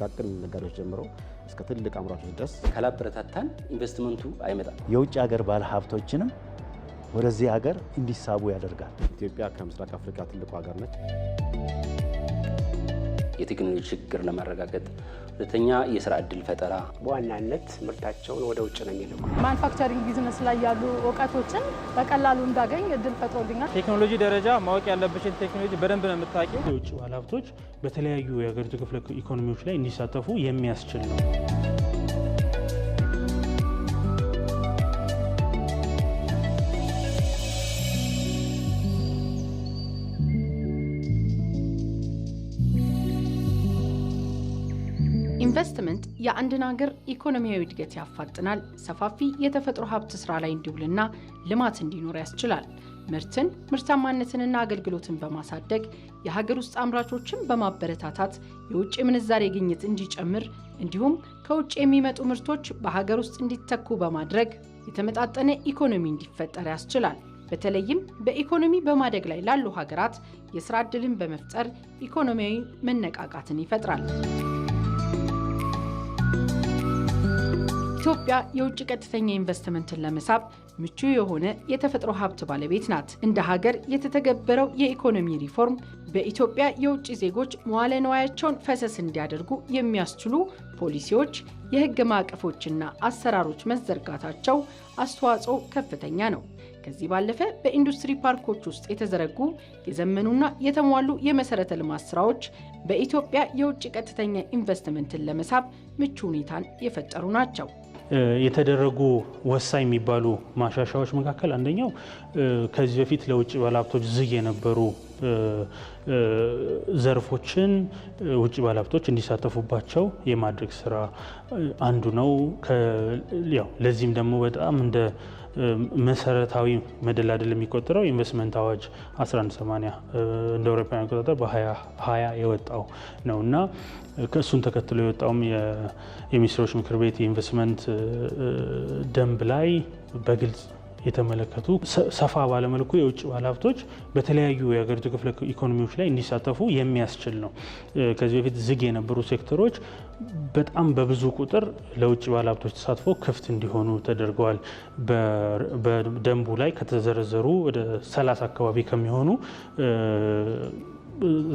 ከጥቃቅን ነጋዴዎች ጀምሮ እስከ ትልቅ አምራቾች ድረስ ካላበረታታን ኢንቨስትመንቱ አይመጣም። የውጭ ሀገር ባለሀብቶችንም ወደዚህ ሀገር እንዲሳቡ ያደርጋል። ኢትዮጵያ ከምስራቅ አፍሪካ ትልቁ ሀገር ነች። የቴክኖሎጂ ችግር ለማረጋገጥ፣ ሁለተኛ የስራ እድል ፈጠራ። በዋናነት ምርታቸውን ወደ ውጭ ነው የሚልኩ። ማኑፋክቸሪንግ ቢዝነስ ላይ ያሉ እውቀቶችን በቀላሉ እንዳገኝ እድል ፈጥሮልኛል። ቴክኖሎጂ ደረጃ ማወቅ ያለብሽን ቴክኖሎጂ በደንብ ነው የምታውቂው። የውጭ ባለሀብቶች በተለያዩ የሀገሪቱ ክፍለ ኢኮኖሚዎች ላይ እንዲሳተፉ የሚያስችል ነው። ኢንቨስትመንት የአንድን ሀገር ኢኮኖሚያዊ እድገት ያፋጥናል፣ ሰፋፊ የተፈጥሮ ሀብት ስራ ላይ እንዲውልና ልማት እንዲኖር ያስችላል። ምርትን ምርታማነትንና አገልግሎትን በማሳደግ የሀገር ውስጥ አምራቾችን በማበረታታት የውጭ ምንዛሬ ግኝት እንዲጨምር እንዲሁም ከውጭ የሚመጡ ምርቶች በሀገር ውስጥ እንዲተኩ በማድረግ የተመጣጠነ ኢኮኖሚ እንዲፈጠር ያስችላል። በተለይም በኢኮኖሚ በማደግ ላይ ላሉ ሀገራት የስራ ዕድልን በመፍጠር ኢኮኖሚያዊ መነቃቃትን ይፈጥራል። ኢትዮጵያ የውጭ ቀጥተኛ ኢንቨስትመንትን ለመሳብ ምቹ የሆነ የተፈጥሮ ሀብት ባለቤት ናት። እንደ ሀገር የተተገበረው የኢኮኖሚ ሪፎርም በኢትዮጵያ የውጭ ዜጎች መዋለ ንዋያቸውን ፈሰስ እንዲያደርጉ የሚያስችሉ ፖሊሲዎች፣ የህግ ማዕቀፎችና አሰራሮች መዘርጋታቸው አስተዋጽኦ ከፍተኛ ነው። ከዚህ ባለፈ በኢንዱስትሪ ፓርኮች ውስጥ የተዘረጉ የዘመኑና የተሟሉ የመሰረተ ልማት ስራዎች በኢትዮጵያ የውጭ ቀጥተኛ ኢንቨስትመንትን ለመሳብ ምቹ ሁኔታን የፈጠሩ ናቸው። የተደረጉ ወሳኝ የሚባሉ ማሻሻዎች መካከል አንደኛው ከዚህ በፊት ለውጭ ባለሀብቶች ዝግ የነበሩ ዘርፎችን ውጭ ባለሀብቶች እንዲሳተፉባቸው የማድረግ ስራ አንዱ ነው። ለዚህም ደግሞ በጣም እንደ መሰረታዊ መደላደል የሚቆጠረው ኢንቨስትመንት አዋጅ 1180 እንደ አውሮፓውያን አቆጣጠር በ2020 የወጣው ነው እና ከእሱን ተከትሎ የወጣውም የሚኒስትሮች ምክር ቤት የኢንቨስትመንት ደንብ ላይ በግልጽ የተመለከቱ ሰፋ ባለመልኩ የውጭ ባለሀብቶች በተለያዩ የሀገሪቱ ክፍለ ኢኮኖሚዎች ላይ እንዲሳተፉ የሚያስችል ነው። ከዚህ በፊት ዝግ የነበሩ ሴክተሮች በጣም በብዙ ቁጥር ለውጭ ባለሀብቶች ተሳትፎ ክፍት እንዲሆኑ ተደርገዋል። በደንቡ ላይ ከተዘረዘሩ ወደ 30 አካባቢ ከሚሆኑ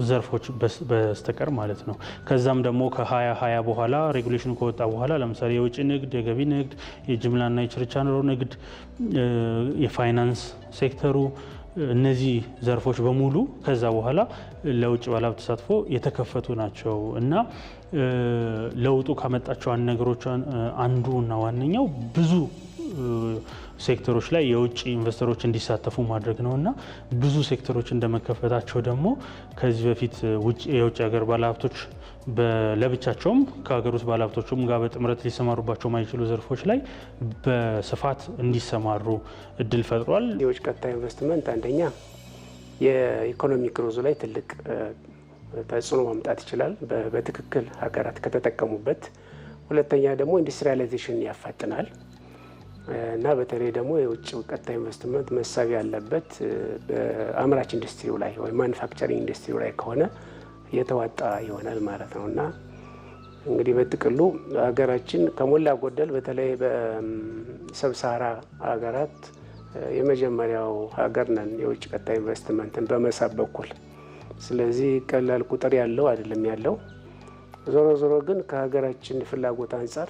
ዘርፎች በስተቀር ማለት ነው። ከዛም ደግሞ ከ2020 በኋላ ሬጉሌሽኑ ከወጣ በኋላ ለምሳሌ የውጭ ንግድ፣ የገቢ ንግድ፣ የጅምላና የችርቻሮ ንግድ፣ የፋይናንስ ሴክተሩ እነዚህ ዘርፎች በሙሉ ከዛ በኋላ ለውጭ ባለሀብት ተሳትፎ የተከፈቱ ናቸው እና ለውጡ ካመጣቸው ነገሮች አንዱ እና ዋነኛው ብዙ ሴክተሮች ላይ የውጭ ኢንቨስተሮች እንዲሳተፉ ማድረግ ነው እና ብዙ ሴክተሮች እንደመከፈታቸው ደግሞ ከዚህ በፊት የውጭ ሀገር ባለሀብቶች ለብቻቸውም ከሀገር ውስጥ ባለሀብቶችም ጋር በጥምረት ሊሰማሩባቸው ማይችሉ ዘርፎች ላይ በስፋት እንዲሰማሩ እድል ፈጥሯል። የውጭ ቀጥታ ኢንቨስትመንት አንደኛ የኢኮኖሚ ግሮዙ ላይ ትልቅ ተጽዕኖ ማምጣት ይችላል በትክክል ሀገራት ከተጠቀሙበት። ሁለተኛ ደግሞ ኢንዱስትሪያላይዜሽን ያፋጥናል እና በተለይ ደግሞ የውጭ ቀጥታ ኢንቨስትመንት መሳቢ ያለበት በአምራች ኢንዱስትሪው ላይ ወይ ማኑፋክቸሪንግ ኢንዱስትሪው ላይ ከሆነ የተዋጣ ይሆናል ማለት ነው እና እንግዲህ በጥቅሉ ሀገራችን ከሞላ ጎደል በተለይ በሰብሳራ ሀገራት የመጀመሪያው ሀገር ነን የውጭ ቀጥታ ኢንቨስትመንትን በመሳብ በኩል። ስለዚህ ቀላል ቁጥር ያለው አይደለም ያለው። ዞሮ ዞሮ ግን ከሀገራችን ፍላጎት አንጻር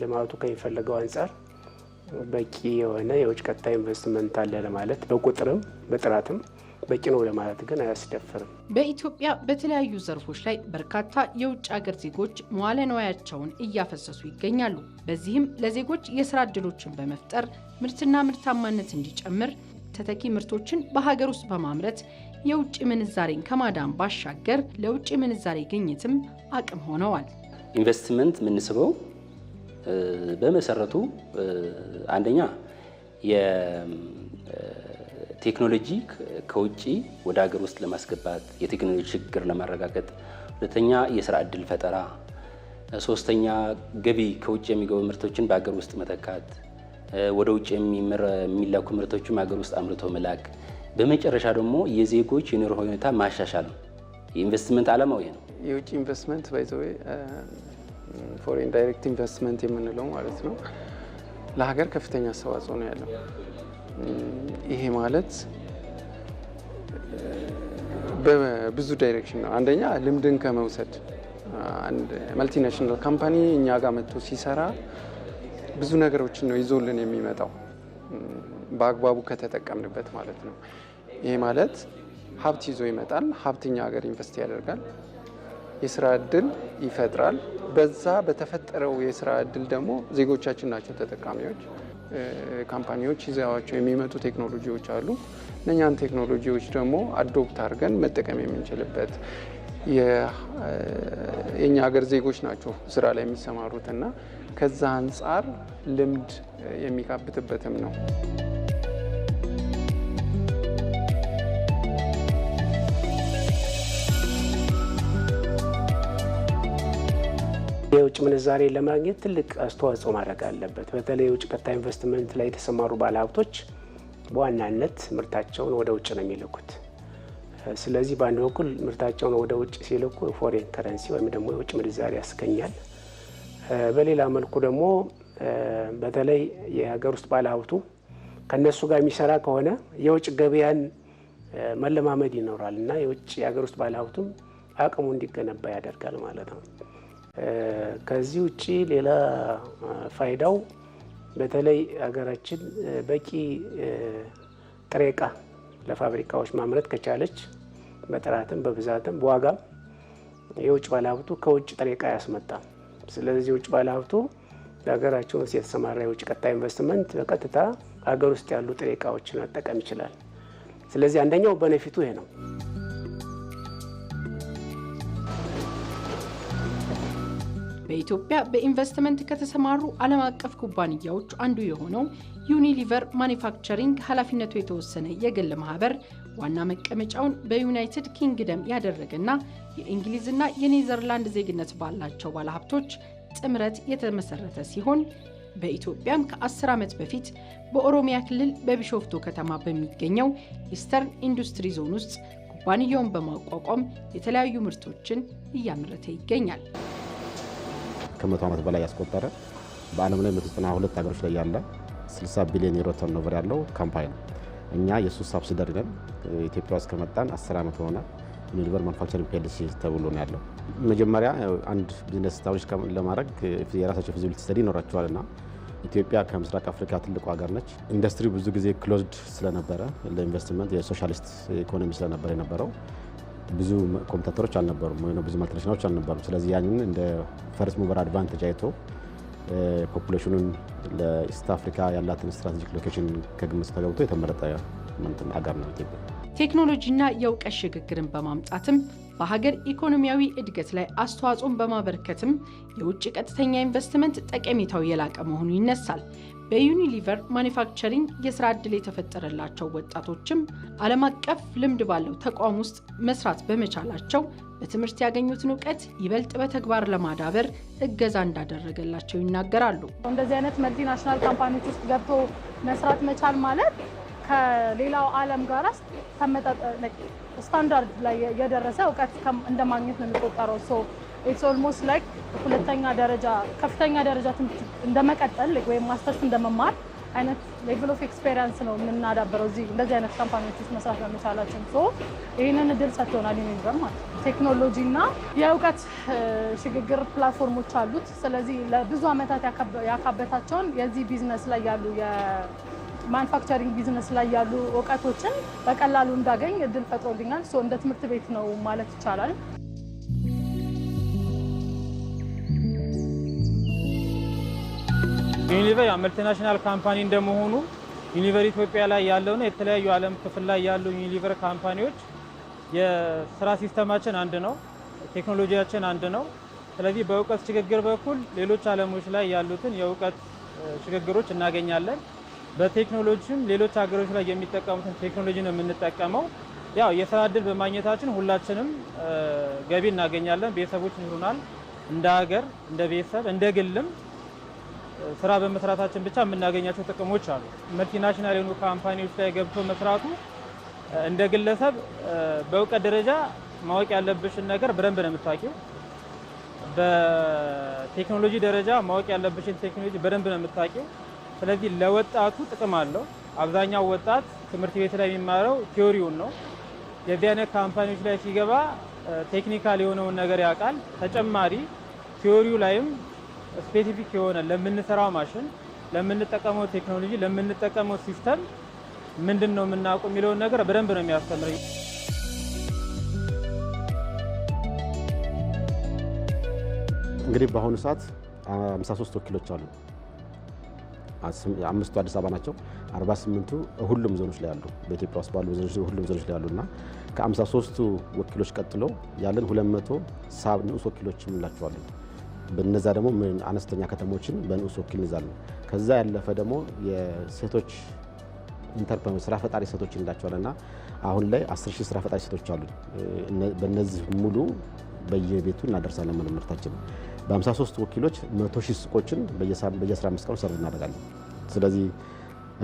ልማቱ ከሚፈለገው አንጻር በቂ የሆነ የውጭ ቀጥታ ኢንቨስትመንት አለ ለማለት በቁጥርም በጥራትም በቂ ነው ለማለት ግን አያስደፍርም። በኢትዮጵያ በተለያዩ ዘርፎች ላይ በርካታ የውጭ አገር ዜጎች መዋለ ንዋያቸውን እያፈሰሱ ይገኛሉ። በዚህም ለዜጎች የስራ እድሎችን በመፍጠር ምርትና ምርታማነት እንዲጨምር ተተኪ ምርቶችን በሀገር ውስጥ በማምረት የውጭ ምንዛሬን ከማዳን ባሻገር ለውጭ ምንዛሬ ግኝትም አቅም ሆነዋል። ኢንቨስትመንት የምንስበው በመሰረቱ አንደኛ የቴክኖሎጂ ከውጭ ወደ ሀገር ውስጥ ለማስገባት የቴክኖሎጂ ችግር ለማረጋገጥ፣ ሁለተኛ የስራ እድል ፈጠራ፣ ሶስተኛ ገቢ ከውጭ የሚገቡ ምርቶችን በሀገር ውስጥ መተካት፣ ወደ ውጭ የሚላኩ ምርቶችም ሀገር ውስጥ አምርቶ መላክ በመጨረሻ ደግሞ የዜጎች የኑሮ ሁኔታ ማሻሻል ነው። የኢንቨስትመንት ዓላማው ይሄ ነው። የውጭ ኢንቨስትመንት ባይዘዌ ፎሬን ዳይሬክት ኢንቨስትመንት የምንለው ማለት ነው ለሀገር ከፍተኛ አስተዋጽኦ ነው ያለው። ይሄ ማለት uh, በብዙ ዳይሬክሽን ነው። አንደኛ ልምድን ከመውሰድ አንድ መልቲናሽናል ካምፓኒ እኛ ጋር መጥቶ ሲሰራ ብዙ ነገሮችን ነው ይዞልን የሚመጣው። በአግባቡ ከተጠቀምንበት ማለት ነው። ይሄ ማለት ሀብት ይዞ ይመጣል። ሀብትኛ ሀገር ኢንቨስት ያደርጋል። የስራ እድል ይፈጥራል። በዛ በተፈጠረው የስራ እድል ደግሞ ዜጎቻችን ናቸው ተጠቃሚዎች። ካምፓኒዎች ይዘዋቸው የሚመጡ ቴክኖሎጂዎች አሉ። እነኛን ቴክኖሎጂዎች ደግሞ አዶፕት አድርገን መጠቀም የምንችልበት የእኛ ሀገር ዜጎች ናቸው ስራ ላይ የሚሰማሩትና ከዛ አንጻር ልምድ የሚካብትበትም ነው። የውጭ ምንዛሬ ለማግኘት ትልቅ አስተዋጽኦ ማድረግ አለበት። በተለይ የውጭ ቀጥታ ኢንቨስትመንት ላይ የተሰማሩ ባለሀብቶች በዋናነት ምርታቸውን ወደ ውጭ ነው የሚልኩት። ስለዚህ በአንድ በኩል ምርታቸውን ወደ ውጭ ሲልኩ ፎሬን ከረንሲ ወይም ደግሞ የውጭ ምንዛሬ ያስገኛል። በሌላ መልኩ ደግሞ በተለይ የሀገር ውስጥ ባለሀብቱ ከእነሱ ጋር የሚሰራ ከሆነ የውጭ ገበያን መለማመድ ይኖራል እና የውጭ የሀገር ውስጥ ባለሀብቱም አቅሙ እንዲገነባ ያደርጋል ማለት ነው። ከዚህ ውጭ ሌላ ፋይዳው በተለይ ሀገራችን በቂ ጥሬ እቃ ለፋብሪካዎች ማምረት ከቻለች በጥራትም በብዛትም በዋጋም የውጭ ባለሀብቱ ከውጭ ጥሬ ዕቃ አያስመጣም። ስለዚህ የውጭ ባለሀብቱ ለሀገራችን ውስጥ የተሰማራ የውጭ ቀጣይ ኢንቨስትመንት በቀጥታ ሀገር ውስጥ ያሉ ጥሬ ዕቃዎችን መጠቀም ይችላል። ስለዚህ አንደኛው በነፊቱ ይሄ ነው። በኢትዮጵያ በኢንቨስትመንት ከተሰማሩ ዓለም አቀፍ ኩባንያዎች አንዱ የሆነው ዩኒሊቨር ማኒፋክቸሪንግ ኃላፊነቱ የተወሰነ የግል ማህበር ዋና መቀመጫውን በዩናይትድ ኪንግደም ያደረገና የእንግሊዝና የኔዘርላንድ ዜግነት ባላቸው ባለሀብቶች ጥምረት የተመሰረተ ሲሆን በኢትዮጵያም ከ10 ዓመት በፊት በኦሮሚያ ክልል በቢሾፍቶ ከተማ በሚገኘው ኢስተርን ኢንዱስትሪ ዞን ውስጥ ኩባንያውን በማቋቋም የተለያዩ ምርቶችን እያመረተ ይገኛል። ከመቶ ዓመት በላይ ያስቆጠረ በዓለም ላይ 192 ሀገሮች ላይ ያለ 60 ቢሊዮን ዩሮ ተርኖቨር ያለው ካምፓኒ ነው። እኛ የእሱ ሳብሲደሪ ነን። ኢትዮጵያ ውስጥ ከመጣን 10 ዓመት ሆነ። ዩኒሊቨር ማኑፋክቸሪንግ ፒኤልሲ ተብሎ ነው ያለው። መጀመሪያ አንድ ቢዝነስ ስታብሊሽ ለማድረግ የራሳቸው ፊዚቢሊቲ ስተዲ ይኖራቸዋልና ኢትዮጵያ ከምስራቅ አፍሪካ ትልቁ ሀገር ነች። ኢንዱስትሪ ብዙ ጊዜ ክሎዝድ ስለነበረ ለኢንቨስትመንት የሶሻሊስት ኢኮኖሚ ስለነበረ የነበረው ብዙ ኮምፒውተሮች አልነበሩም ወይ ብዙ ማልትናሽናሎች አልነበሩም። ስለዚህ ያንን እንደ ፈርስት ሙቨር አድቫንቴጅ አይቶ ፖፑሌሽኑን ለኢስት አፍሪካ ያላትን ስትራቴጂክ ሎኬሽን ከግምት ተገብቶ የተመረጠ አገር ነው ኢትዮጵያ። ቴክኖሎጂና የእውቀት ሽግግርን በማምጣትም በሀገር ኢኮኖሚያዊ እድገት ላይ አስተዋጽኦን በማበረከትም የውጭ ቀጥተኛ ኢንቨስትመንት ጠቀሜታው የላቀ መሆኑ ይነሳል። በዩኒሊቨር ማኒፋክቸሪንግ የስራ ዕድል የተፈጠረላቸው ወጣቶችም ዓለም አቀፍ ልምድ ባለው ተቋም ውስጥ መስራት በመቻላቸው በትምህርት ያገኙትን እውቀት ይበልጥ በተግባር ለማዳበር እገዛ እንዳደረገላቸው ይናገራሉ። እንደዚህ አይነት መልቲናሽናል ካምፓኒዎች ውስጥ ገብቶ መስራት መቻል ማለት ከሌላው ዓለም ጋር ስታንዳርድ ላይ የደረሰ እውቀት እንደማግኘት ነው የሚቆጠረው ኢትስ ኦልሞስት ላይክ ሁለተኛ ደረጃ ከፍተኛ ደረጃ ትምህርት እንደመቀጠል ወይም ማስተርስ እንደመማር አይነት ሌቭል ኦፍ ኤክስፔሪንስ ነው የምናዳበረው እዚህ እንደዚህ አይነት ካምፓኒዎች ውስጥ መስራት በመቻላችን። ሶ ይህንን እድል ሰጥቶናል ዩኒቨር ማለት ቴክኖሎጂ እና የእውቀት ሽግግር ፕላትፎርሞች አሉት። ስለዚህ ለብዙ ዓመታት ያካበታቸውን የዚህ ቢዝነስ ላይ ያሉ የማኑፋክቸሪንግ ቢዝነስ ላይ ያሉ እውቀቶችን በቀላሉ እንዳገኝ እድል ፈጥሮልኛል። እንደ ትምህርት ቤት ነው ማለት ይቻላል። ዩኒቨር መልቲናሽናል ካምፓኒ እንደመሆኑ ዩኒቨር ኢትዮጵያ ላይ ያለውና የተለያዩ ዓለም ክፍል ላይ ያሉ ዩኒቨር ካምፓኒዎች የስራ ሲስተማችን አንድ ነው፣ ቴክኖሎጂያችን አንድ ነው። ስለዚህ በእውቀት ሽግግር በኩል ሌሎች ዓለሞች ላይ ያሉትን የእውቀት ሽግግሮች እናገኛለን። በቴክኖሎጂም ሌሎች ሀገሮች ላይ የሚጠቀሙትን ቴክኖሎጂ ነው የምንጠቀመው። ያው የስራ እድል በማግኘታችን ሁላችንም ገቢ እናገኛለን። ቤተሰቦች ይሆናል እንደ ሀገር፣ እንደ ቤተሰብ፣ እንደ ግልም ስራ በመስራታችን ብቻ የምናገኛቸው ጥቅሞች አሉ። መልቲናሽናል የሆኑ ካምፓኒዎች ላይ ገብቶ መስራቱ እንደ ግለሰብ በእውቀት ደረጃ ማወቅ ያለብሽን ነገር በደንብ ነው የምታውቂው። በቴክኖሎጂ ደረጃ ማወቅ ያለብሽን ቴክኖሎጂ በደንብ ነው የምታውቂው። ስለዚህ ለወጣቱ ጥቅም አለው። አብዛኛው ወጣት ትምህርት ቤት ላይ የሚማረው ቲዮሪውን ነው። የዚህ አይነት ካምፓኒዎች ላይ ሲገባ ቴክኒካል የሆነውን ነገር ያውቃል። ተጨማሪ ቲዮሪው ላይም ስፔሲፊክ የሆነ ለምንሰራው ማሽን፣ ለምንጠቀመው ቴክኖሎጂ፣ ለምንጠቀመው ሲስተም ምንድን ነው የምናውቁ የሚለውን ነገር በደንብ ነው የሚያስተምረኝ። እንግዲህ በአሁኑ ሰዓት 53 ወኪሎች አሉ። አምስቱ አዲስ አበባ ናቸው። 48ቱ ሁሉም ዞኖች ላይ አሉ። በኢትዮጵያ ውስጥ ባሉ ሁሉም ዞኖች ላይ አሉ እና ከ53ቱ ወኪሎች ቀጥሎ ያለን 200 ንዑስ ወኪሎች እንላቸዋለን። በነዛ ደግሞ አነስተኛ ከተሞችን በንዑስ ወኪል እንይዛለን። ከዛ ያለፈ ደግሞ የሴቶች ኢንተርፕረነር ስራ ፈጣሪ ሴቶች እንላቸዋለን እና አሁን ላይ አስር ሺህ ስራ ፈጣሪ ሴቶች አሉ። በነዚህ ሙሉ በየቤቱ እናደርሳለን ምርታችን በ53 ወኪሎች መቶ ሺህ ሱቆችን በየ15 ቀኑ ሰርቭ እናደርጋለን። ስለዚህ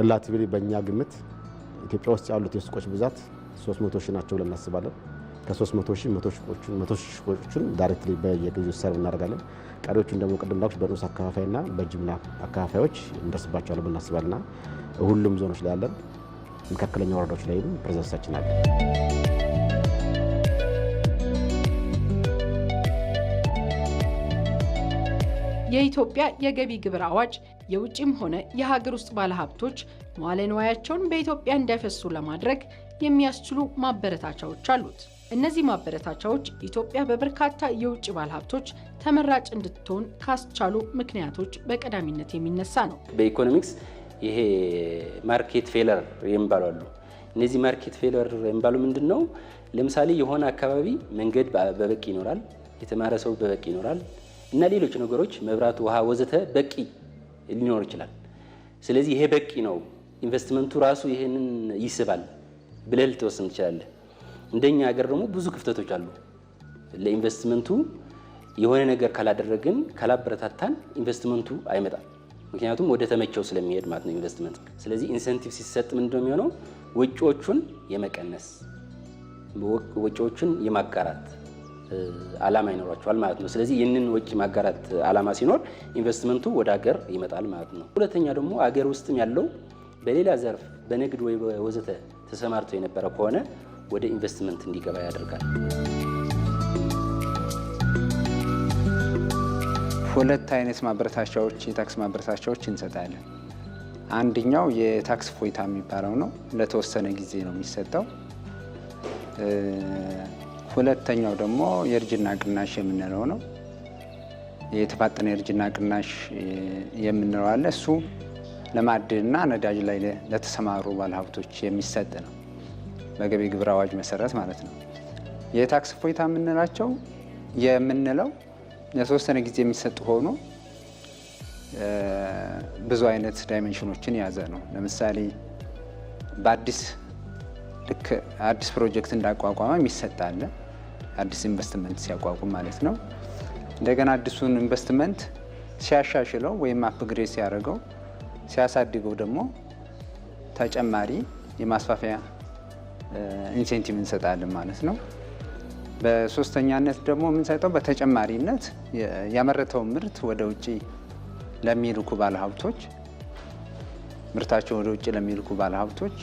ሪላቲቭሊ በእኛ ግምት ኢትዮጵያ ውስጥ ያሉት የሱቆች ብዛት 300 ሺህ ናቸው ብለን እናስባለን። ከ300 ሺህ መቶ ሱቆችን ዳይሬክትሊ በየጊዜው ሰርቭ እናደርጋለን። ቀሪዎቹን ደግሞ ቅድም ላኩች በንዑስ አካፋፋይና በጅምላ አካፋፋዮች እንደርስባቸዋል ብናስባልና ሁሉም ዞኖች ላይ አለን። መካከለኛ ወረዳዎች ላይም ፕሬዘንሳችን አለ። የኢትዮጵያ የገቢ ግብር አዋጅ የውጭም ሆነ የሀገር ውስጥ ባለሀብቶች መዋለ ንዋያቸውን በኢትዮጵያ እንዳይፈሱ ለማድረግ የሚያስችሉ ማበረታቻዎች አሉት። እነዚህ ማበረታቻዎች ኢትዮጵያ በበርካታ የውጭ ባለሀብቶች ተመራጭ እንድትሆን ካስቻሉ ምክንያቶች በቀዳሚነት የሚነሳ ነው። በኢኮኖሚክስ ይሄ ማርኬት ፌለር የሚባሉ አሉ። እነዚህ ማርኬት ፌለር የሚባሉ ምንድን ነው? ለምሳሌ የሆነ አካባቢ መንገድ በበቂ ይኖራል፣ የተማረ ሰው በበቂ ይኖራል እና ሌሎች ነገሮች መብራት፣ ውሃ፣ ወዘተ በቂ ሊኖር ይችላል። ስለዚህ ይሄ በቂ ነው፣ ኢንቨስትመንቱ ራሱ ይህንን ይስባል ብለህ ልትወስን ትችላለህ። እንደኛ ሀገር ደግሞ ብዙ ክፍተቶች አሉ። ለኢንቨስትመንቱ የሆነ ነገር ካላደረግን ካላበረታታን ኢንቨስትመንቱ አይመጣም። ምክንያቱም ወደ ተመቸው ስለሚሄድ ማለት ነው ኢንቨስትመንት። ስለዚህ ኢንሴንቲቭ ሲሰጥ ምንድነው የሚሆነው? ወጪዎቹን የመቀነስ ወጪዎቹን የማጋራት አላማ ይኖሯቸዋል ማለት ነው። ስለዚህ ይህንን ወጪ ማጋራት አላማ ሲኖር ኢንቨስትመንቱ ወደ ሀገር ይመጣል ማለት ነው። ሁለተኛ ደግሞ ሀገር ውስጥም ያለው በሌላ ዘርፍ በንግድ ወይ ወዘተ ተሰማርቶ የነበረ ከሆነ ወደ ኢንቨስትመንት እንዲገባ ያደርጋል። ሁለት አይነት ማበረታቻዎች የታክስ ማበረታቻዎች እንሰጣለን። አንደኛው የታክስ ፎይታ የሚባለው ነው። ለተወሰነ ጊዜ ነው የሚሰጠው። ሁለተኛው ደግሞ የእርጅና ቅናሽ የምንለው ነው። የተፋጠነ የእርጅና ቅናሽ የምንለው አለ። እሱ ለማዕድንና ነዳጅ ላይ ለተሰማሩ ባለሀብቶች የሚሰጥ ነው። በገቢ ግብር አዋጅ መሰረት ማለት ነው። የታክስ እፎይታ የምንላቸው የምንለው ለተወሰነ ጊዜ የሚሰጥ ሆኖ ብዙ አይነት ዳይመንሽኖችን የያዘ ነው። ለምሳሌ በአዲስ ልክ አዲስ ፕሮጀክት እንዳቋቋመ የሚሰጥ አዲስ ኢንቨስትመንት ሲያቋቁም ማለት ነው። እንደገና አዲሱን ኢንቨስትመንት ሲያሻሽለው ወይም አፕግሬድ ሲያደርገው ሲያሳድገው ደግሞ ተጨማሪ የማስፋፊያ ኢንሴንቲቭ እንሰጣለን ማለት ነው። በሶስተኛነት ደግሞ የምንሰጠው በተጨማሪነት ያመረተውን ምርት ወደ ውጭ ለሚልኩ ባለሀብቶች ምርታቸው ወደ ውጭ ለሚልኩ ባለሀብቶች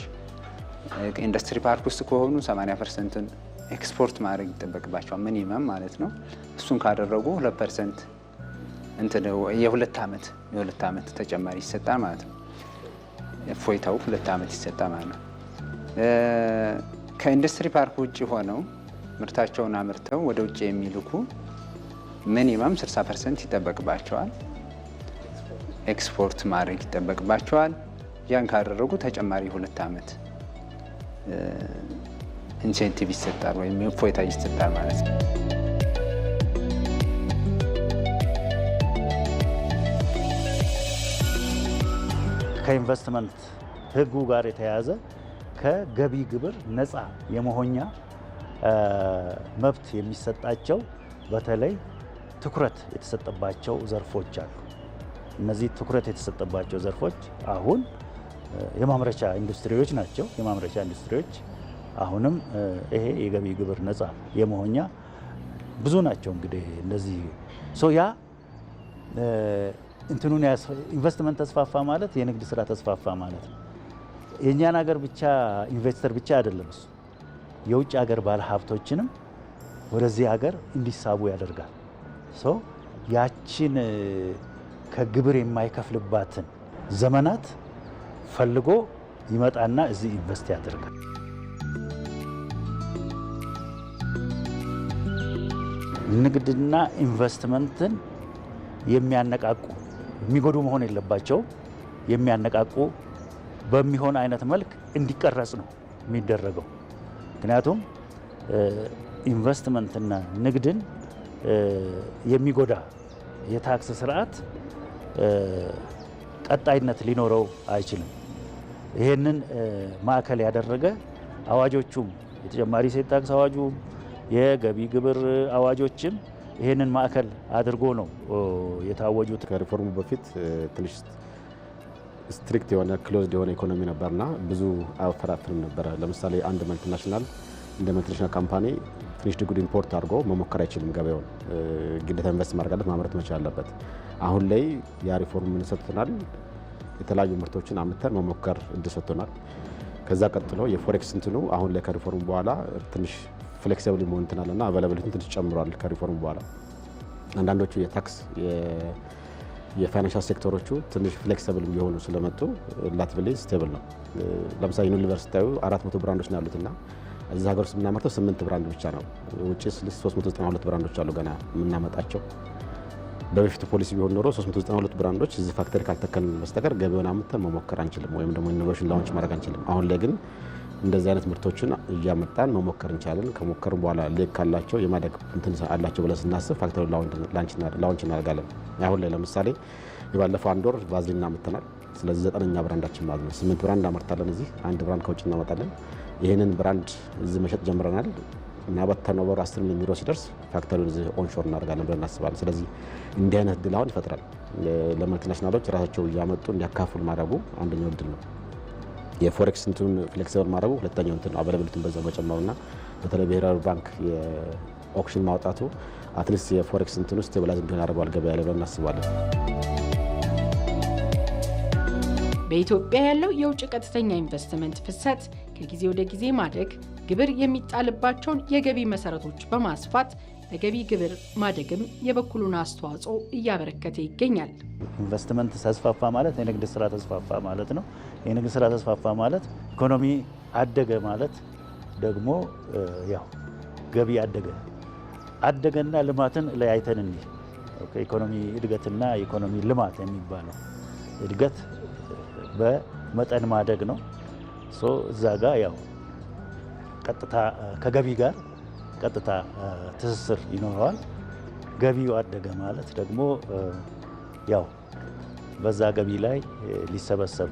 ኢንዱስትሪ ፓርክ ውስጥ ከሆኑ 80 ፐርሰንትን ኤክስፖርት ማድረግ ይጠበቅባቸዋል፣ ሚኒመም ማለት ነው። እሱን ካደረጉ ሁለት ፐርሰንት የሁለት ዓመት የሁለት ዓመት ተጨማሪ ይሰጣል ማለት ነው። እፎይታው ሁለት ዓመት ይሰጣል ማለት ነው። ከኢንዱስትሪ ፓርክ ውጭ ሆነው ምርታቸውን አምርተው ወደ ውጭ የሚልኩ ሚኒማም 60 ፐርሰንት ይጠበቅባቸዋል። ኤክስፖርት ማድረግ ይጠበቅባቸዋል። ያን ካደረጉ ተጨማሪ ሁለት ዓመት ኢንሴንቲቭ ይሰጣል ወይም እፎይታ ይሰጣል ማለት ነው። ከኢንቨስትመንት ህጉ ጋር የተያያዘ ከገቢ ግብር ነፃ የመሆኛ መብት የሚሰጣቸው በተለይ ትኩረት የተሰጠባቸው ዘርፎች አሉ። እነዚህ ትኩረት የተሰጠባቸው ዘርፎች አሁን የማምረቻ ኢንዱስትሪዎች ናቸው። የማምረቻ ኢንዱስትሪዎች አሁንም ይሄ የገቢ ግብር ነፃ የመሆኛ ብዙ ናቸው። እንግዲህ እነዚህ ሶ ያ እንትኑን ኢንቨስትመንት ተስፋፋ ማለት የንግድ ስራ ተስፋፋ ማለት ነው። የእኛን ሀገር ብቻ ኢንቨስተር ብቻ አይደለም እሱ የውጭ ሀገር ባለ ሀብቶችንም ወደዚህ ሀገር እንዲሳቡ ያደርጋል። ሶ ያችን ከግብር የማይከፍልባትን ዘመናት ፈልጎ ይመጣና እዚህ ኢንቨስት ያደርጋል። ንግድና ኢንቨስትመንትን የሚያነቃቁ የሚጎዱ መሆን የለባቸው የሚያነቃቁ በሚሆን አይነት መልክ እንዲቀረጽ ነው የሚደረገው። ምክንያቱም ኢንቨስትመንትና ንግድን የሚጎዳ የታክስ ስርዓት ቀጣይነት ሊኖረው አይችልም። ይህንን ማዕከል ያደረገ አዋጆቹም የተጨማሪ እሴት ታክስ አዋጁ፣ የገቢ ግብር አዋጆችም ይህንን ማዕከል አድርጎ ነው የታወጁት። ከሪፎርሙ በፊት ትንሽ ስትሪክት የሆነ ክሎዝድ የሆነ ኢኮኖሚ ነበርና ብዙ አያፈራፍርም ነበረ። ለምሳሌ አንድ መልትናሽናል እንደ መልትናሽናል ካምፓኒ ፊኒሽድ ጉድ ኢምፖርት አድርጎ መሞከር አይችልም ገበያውን። ግዴታ ኢንቨስት ማድረጋለት ማምረት መቻል አለበት። አሁን ላይ ያ ሪፎርም ምን ሰጥቶናል? የተለያዩ ምርቶችን አምተን መሞከር እድል ሰጥቶናል። ከዛ ቀጥሎ የፎሬክስ እንትኑ አሁን ላይ ከሪፎርም በኋላ ትንሽ ፍሌክሲብል መሆን እንትናል እና አቬላብሊቲን ትንሽ ጨምሯል ከሪፎርም በኋላ አንዳንዶቹ የታክስ የፋይናንሻል ሴክተሮቹ ትንሽ ፍሌክሲብል የሆኑ ስለመጡ ላትቪሊ ስቴብል ነው። ለምሳሌ ዩኒቨርሲቲ አራት መቶ ብራንዶች ነው ያሉትና እዚህ ሀገር ውስጥ የምናመርተው ስምንት ብራንድ ብቻ ነው። ውጭ 392 ብራንዶች አሉ ገና የምናመጣቸው። በበፊቱ ፖሊሲ ቢሆን ኖሮ 392 ብራንዶች እዚህ ፋክተሪ ካልተከልን በስተቀር ገቢውን አምጥተን መሞከር አንችልም፣ ወይም ደግሞ ኢኖቬሽን ላውንች ማድረግ አንችልም። አሁን ላይ ግን እንደዚህ አይነት ምርቶችን እያመጣን መሞከር እንችላለን። ከሞከርን በኋላ ሌክ ካላቸው የማደግ እንትን አላቸው ብለን ስናስብ ፋክተሪ ላውንች እናደርጋለን። አሁን ላይ ለምሳሌ የባለፈው አንድ ወር ቫዝሊን እናመተናል። ስለዚህ ዘጠነኛ ብራንዳችን ማለት ነው። ስምንት ብራንድ እናመርታለን እዚህ፣ አንድ ብራንድ ከውጭ እናመጣለን። ይህንን ብራንድ እዚህ መሸጥ ጀምረናል እና በተነው ወር አስር ሚሊዮን ዩሮ ሲደርስ ፋክተሪውን እዚህ ኦንሾር እናደርጋለን ብለን እናስባለን። ስለዚህ እንዲህ አይነት ድል አሁን ይፈጥራል። ለመልቲናሽናሎች ራሳቸው እያመጡ እንዲያካፍሉ ማድረጉ አንደኛው ድል ነው። የፎሬክስ እንትን ፍሌክሲብል ማድረጉ ሁለተኛው እንትን ነው። አበለብልትን በዛ መጨመሩ መጨመሩና በተለይ ብሔራዊ ባንክ የኦክሽን ማውጣቱ አትሊስት የፎሬክስ እንትን ውስጥ ስቴብላይዝ እንዲሆን አድርገዋል ገበያ ላይ እናስባለን። በኢትዮጵያ ያለው የውጭ ቀጥተኛ ኢንቨስትመንት ፍሰት ከጊዜ ወደ ጊዜ ማደግ፣ ግብር የሚጣልባቸውን የገቢ መሰረቶች በማስፋት በገቢ ግብር ማደግም የበኩሉን አስተዋጽኦ እያበረከተ ይገኛል። ኢንቨስትመንት ተስፋፋ ማለት የንግድ ስራ ተስፋፋ ማለት ነው። የንግድ ስራ ተስፋፋ ማለት ኢኮኖሚ አደገ ማለት ደግሞ ያው ገቢ አደገ አደገና ልማትን ለያይተን እንዲ ኢኮኖሚ እድገትና ኢኮኖሚ ልማት የሚባለው እድገት በመጠን ማደግ ነው። እዛ ጋ ያው ቀጥታ ከገቢ ጋር ቀጥታ ትስስር ይኖረዋል። ገቢው አደገ ማለት ደግሞ ያው በዛ ገቢ ላይ ሊሰበሰብ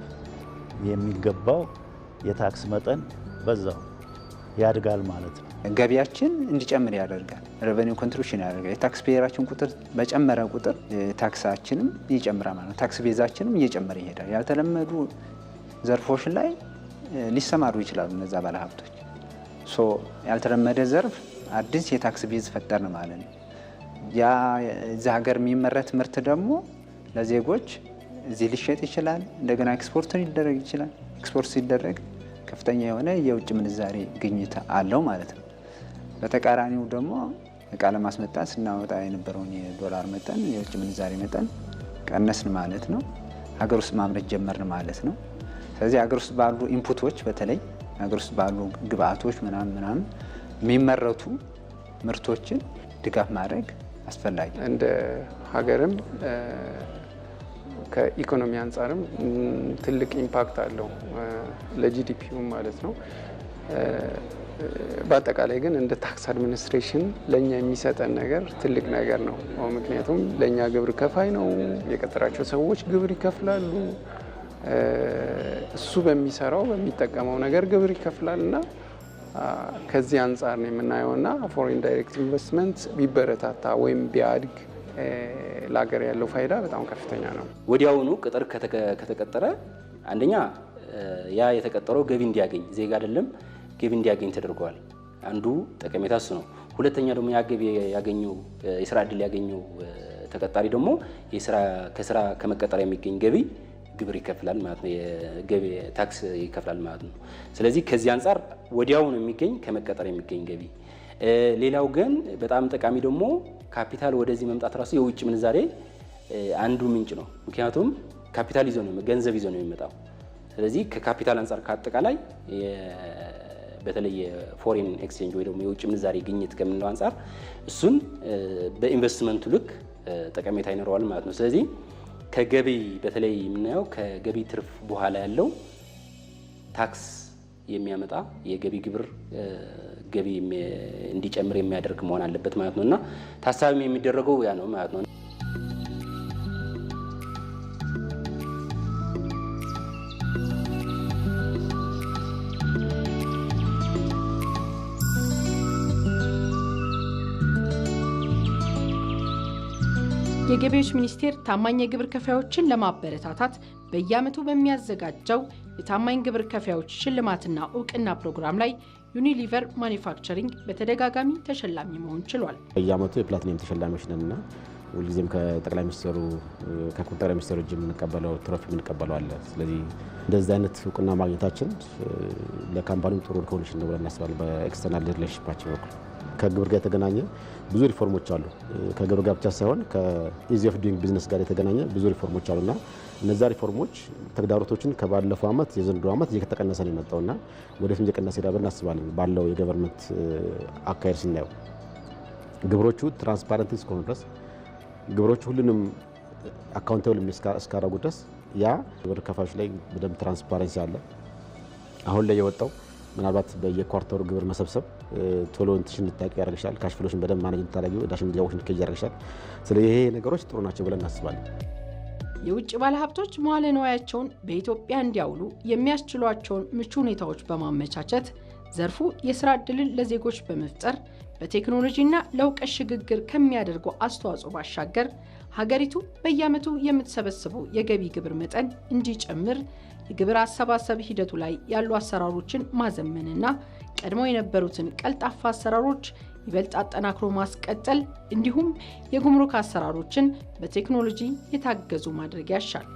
የሚገባው የታክስ መጠን በዛው ያድጋል ማለት ነው። ገቢያችን እንዲጨምር ያደርጋል። ሬቨኒው ኮንትሪቢሽን ያደርጋል። የታክስ ብሔራችን ቁጥር በጨመረ ቁጥር ታክሳችንም ይጨምራል ማለት ነው። ታክስ ቤዛችንም እየጨመረ ይሄዳል። ያልተለመዱ ዘርፎች ላይ ሊሰማሩ ይችላሉ እነዛ ባለሀብቶች። ያልተለመደ ዘርፍ አዲስ የታክስ ቤዝ ፈጠርን ማለት ነው። ያ እዚህ ሀገር የሚመረት ምርት ደግሞ ለዜጎች እዚህ ሊሸጥ ይችላል። እንደገና ኤክስፖርት ሊደረግ ይችላል። ኤክስፖርት ሲደረግ ከፍተኛ የሆነ የውጭ ምንዛሬ ግኝት አለው ማለት ነው። በተቃራኒው ደግሞ እቃ ለማስመጣት ስናወጣ የነበረውን የዶላር መጠን የውጭ ምንዛሬ መጠን ቀነስን ማለት ነው። ሀገር ውስጥ ማምረት ጀመርን ማለት ነው። ስለዚህ ሀገር ውስጥ ባሉ ኢንፑቶች በተለይ ሀገር ውስጥ ባሉ ግብአቶች ምናምን ምናምን የሚመረቱ ምርቶችን ድጋፍ ማድረግ አስፈላጊ እንደ ሀገርም ከኢኮኖሚ አንጻርም ትልቅ ኢምፓክት አለው ለጂዲፒውም ማለት ነው። በአጠቃላይ ግን እንደ ታክስ አድሚኒስትሬሽን ለእኛ የሚሰጠን ነገር ትልቅ ነገር ነው። ምክንያቱም ለእኛ ግብር ከፋይ ነው፣ የቀጠራቸው ሰዎች ግብር ይከፍላሉ፣ እሱ በሚሰራው በሚጠቀመው ነገር ግብር ይከፍላል እና ከዚህ አንጻር ነው የምናየው እና ፎሬን ዳይሬክት ኢንቨስትመንት ቢበረታታ ወይም ቢያድግ ለሀገር ያለው ፋይዳ በጣም ከፍተኛ ነው። ወዲያውኑ ቅጥር ከተቀጠረ አንደኛ ያ የተቀጠረው ገቢ እንዲያገኝ ዜጋ አይደለም ገቢ እንዲያገኝ ተደርጓል። አንዱ ጠቀሜታ እሱ ነው። ሁለተኛ ደግሞ ያ ገቢ ያገኘው የስራ እድል ያገኘው ተቀጣሪ ደግሞ ከስራ ከመቀጠር የሚገኝ ገቢ ግብር ይከፍላል ማለት ነው፣ የገቢ ታክስ ይከፍላል ማለት ነው። ስለዚህ ከዚህ አንጻር ወዲያው ነው የሚገኝ ከመቀጠር የሚገኝ ገቢ። ሌላው ግን በጣም ጠቃሚ ደግሞ ካፒታል ወደዚህ መምጣት ራሱ የውጭ ምንዛሬ አንዱ ምንጭ ነው። ምክንያቱም ካፒታል ይዞ ነው ገንዘብ ይዞ ነው የሚመጣው። ስለዚህ ከካፒታል አንጻር ከአጠቃላይ በተለይ የፎሬን ኤክስቼንጅ ወይ ደግሞ የውጭ ምንዛሬ ግኝት ከምንለው አንጻር እሱን በኢንቨስትመንቱ ልክ ጠቀሜታ ይኖረዋል ማለት ነው። ስለዚህ ከገቢ በተለይ የምናየው ከገቢ ትርፍ በኋላ ያለው ታክስ የሚያመጣ የገቢ ግብር ገቢ እንዲጨምር የሚያደርግ መሆን አለበት ማለት ነው እና ታሳቢም የሚደረገው ያ ነው ማለት ነው። የገቢዎች ሚኒስቴር ታማኝ የግብር ከፋዮችን ለማበረታታት በየዓመቱ በሚያዘጋጀው የታማኝ ግብር ከፋዮች ሽልማትና እውቅና ፕሮግራም ላይ ዩኒሊቨር ማኒፋክቸሪንግ በተደጋጋሚ ተሸላሚ መሆን ችሏል። በየዓመቱ የፕላቲኒየም ተሸላሚዎች ነንና ሁልጊዜም ከጠቅላይ ሚኒስትሩ ከቁጠሪያ ሚኒስትሩ እጅ የምንቀበለው ትሮፊ የምንቀበለው አለ። ስለዚህ እንደዚህ አይነት እውቅና ማግኘታችን ለካምፓኒው ጥሩ ሪኮግኒሽን ነው ብለን እናስባለን። በኤክስተርናል ሪሌሽንሽፓችን በኩል ከግብር ጋር የተገናኘ ብዙ ሪፎርሞች አሉ። ከግብር ጋር ብቻ ሳይሆን ከኢዚ ኦፍ ዱይንግ ቢዝነስ ጋር የተገናኘ ብዙ ሪፎርሞች አሉና እነዛ ሪፎርሞች ተግዳሮቶችን ከባለፈው ዓመት የዘንድሮ ዓመት እየተቀነሰ ነው የመጣውና ወደፊት እየቀነሰ ሄዳል ብለን እናስባለን። ባለው የገቨርንመንት አካሄድ ስናየው ግብሮቹ ትራንስፓረንት እስከሆኑ ድረስ ግብሮቹ ሁሉንም አካውንታብል እስካረጉ ድረስ ያ ግብር ከፋዮች ላይ በደንብ ትራንስፓረንሲ አለ። አሁን ላይ የወጣው ምናልባት በየኳርተሩ ግብር መሰብሰብ ቶሎ እንትሽ እንድታቂ ያደርግሻል። ፍሎሽን በደንብ ማነጅ እንድታደርጊ ዳሽን እንዲያወቅሽ እንድትከጅ ያደርግሻል። ስለዚህ ይሄ ነገሮች ጥሩ ናቸው ብለን እናስባለን። የውጭ ባለሀብቶች መዋለ ንዋያቸውን በኢትዮጵያ እንዲያውሉ የሚያስችሏቸውን ምቹ ሁኔታዎች በማመቻቸት ዘርፉ የስራ ዕድልን ለዜጎች በመፍጠር በቴክኖሎጂና ለእውቀት ሽግግር ከሚያደርገው አስተዋጽኦ ባሻገር ሀገሪቱ በየዓመቱ የምትሰበስበው የገቢ ግብር መጠን እንዲጨምር የግብር አሰባሰብ ሂደቱ ላይ ያሉ አሰራሮችን ማዘመንና ቀድሞ የነበሩትን ቀልጣፋ አሰራሮች ይበልጥ አጠናክሮ ማስቀጠል እንዲሁም የጉምሩክ አሰራሮችን በቴክኖሎጂ የታገዙ ማድረግ ያሻል።